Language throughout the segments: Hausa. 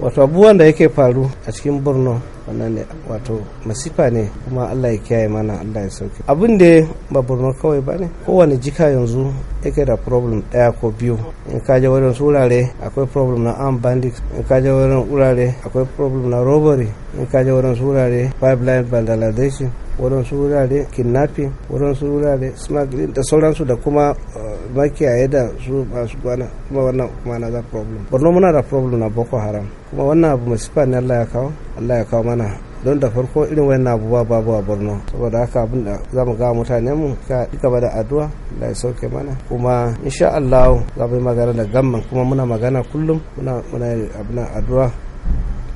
wato abubuwan da yake faru a cikin borno wannan ne wato masifa ne kuma allah ya kiyaye mana allah ya sauki abin da ba borno kawai ba ne kowane jika yanzu yake da problem daya ko biyu in ka je wurin wurare akwai problem na arm bandits in ka je wurin wurare akwai problem na robbery in ka je wurin wurare pipeline vandalization waɗansu wurare kidnapping waɗansu wurare smuggling da sauransu da kuma eh, makiyaye da su masu gwana kuma wannan kuma na za problem borno muna da problem na boko haram kuma wannan abu masifa ne allah ya kawo allah ya kawo mana don da farko irin wannan abubuwa babu a borno saboda haka abin da za mu ga mutane mu ka gaba da addu'a allah ya sauke mana kuma insha Allah za mu yi magana da gamman kuma muna magana kullum muna muna abin addu'a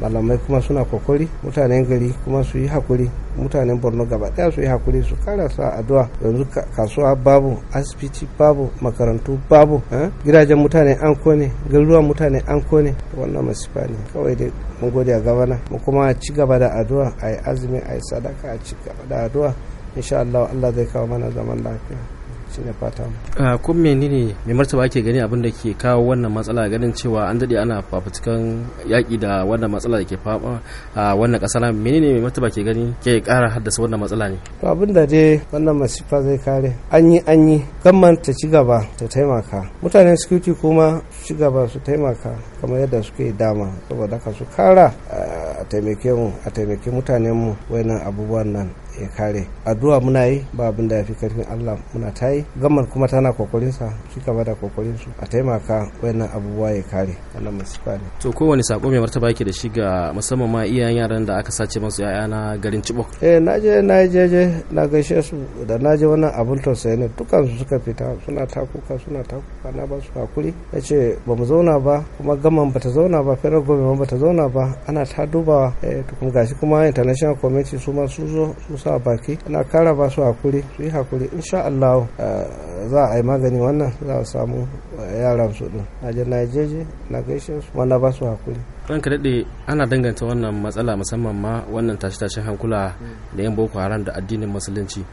malamai kuma suna kokari mutanen gari kuma su yi hakuri mutanen borno gaba daya su yi hakuri su kara sa addu'a yanzu kasuwa babu asibiti babu makarantu babu eh? gidajen mutane an kone garuruwan mutane an kone wannan masifa ne kawai dai mun gode a gabana mu kuma a ci gaba da addu'a a yi azumi a yi sadaka a ci gaba da addu'a insha Allah Allah zai kawo mana zaman lafiya shi da fata mu ah, kun menene mai martaba ake gani abin da ke kawo wannan matsala ganin cewa an dade ana fafutukan yaƙi da wannan matsala da ke fama a wannan ƙasa na menene mai martaba ke gani ke ƙara haddasa wannan matsala ne to abin da dai wannan masifa zai kare an yi an yi gamman ta ci gaba ta taimaka mutanen security kuma ci gaba su taimaka kamar yadda suke dama saboda ka su kara a taimake mu a taimake mutanen mu wayannan abubuwan nan ya kare addu'a muna yi ba abin da ya fi karfin allah muna ta yi gamar kuma tana kokarin sa shi kama da kokarinsu a taimaka wayannan abubuwa ya kare allah mai sifa ne to kowane sako mai martaba yake da shi ga musamman ma iyayen yaran da aka sace masu yaya na garin chibok eh na je na je je na gaishe su da na je wannan abun tausayi ne dukkan su suka fita suna takuka suna takuka na ba su hakuri ya ce ba mu zauna ba kuma gaman ba ta zauna ba fere gobe ba ta zauna ba ana ta dubawa eh kuma gashi kuma international committee su ma su zo su su a baki ana kara ba su hakuri su yi hakuri insha Allah eh, za a yi magani wannan za a samu eh, yaran su din a je na gaishe su wanda ba su hakuri ranka daɗe ana danganta wannan matsala musamman ma wannan tashe-tashen hankula da yan boko haram da addinin musulunci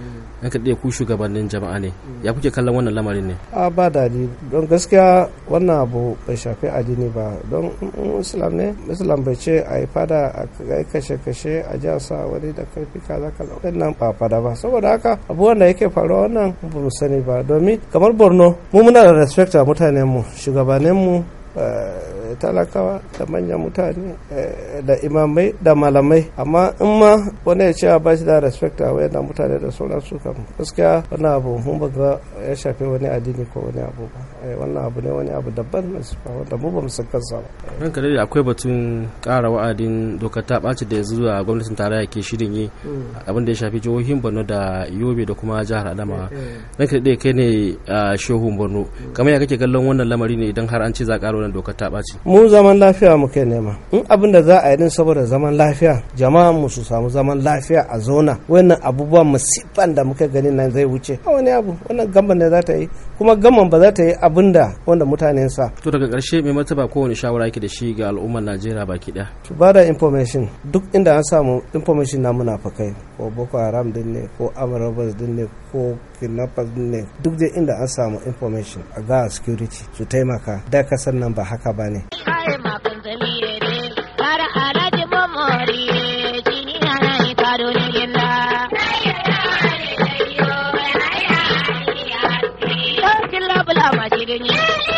ranka daɗe ku shugabannin jama'a ne ya kuke kallon wannan lamarin ne a ba daɗi don gaskiya wannan abu bai shafi addini ba don islam ne islam bai ce a yi fada a kai kashe-kashe a ji sa wani da karfi kaza kaza wannan ba fada ba saboda haka abubuwan da yake faruwa wannan ba mu sani ba domin kamar borno mu muna da respect a mutanenmu shugabanninmu eh, da talakawa da manyan mutane eh, da imamai da malamai amma in ma wani ya ce ba shi da respect a wayan mutane da sauran su kan gaskiya wani abu mun ba ga ya shafi wani addini ko wani abu ba eh, wannan abu ne wani abu daban wanda mu ba mu san kansa ba eh. kare da akwai batun ƙara wa'adin dokar ta ɓaci da yanzu zuwa gwamnatin tarayya ke shirin yi mm. abin da ya shafi jihohin Borno da Yobe da kuma jihar adama Adamawa kare da kai ne ah, shehun Borno mm. kamar ya kake kallon wannan lamari ne idan har an ce za a ƙara wannan dokar ta ɓaci mu zaman lafiya muke nema in abin da za a yi din saboda zaman lafiya jama'a mu su samu zaman lafiya a zona wannan abubuwa musibban da muka gani nan zai wuce a wani abu wannan gamban da za ta yi kuma gamban ba za ta yi abin da wanda mutanen sa to daga karshe mai ko wani shawara yake da shi ga al'ummar Najeriya baki daya ba da information duk inda an samu information na munafakai ko Boko Haram din ne ko amrabas din ne ko kidnappers ne duk dai inda an samu information a ga security su taimaka da kasar nan ba haka ba ne. Yeah.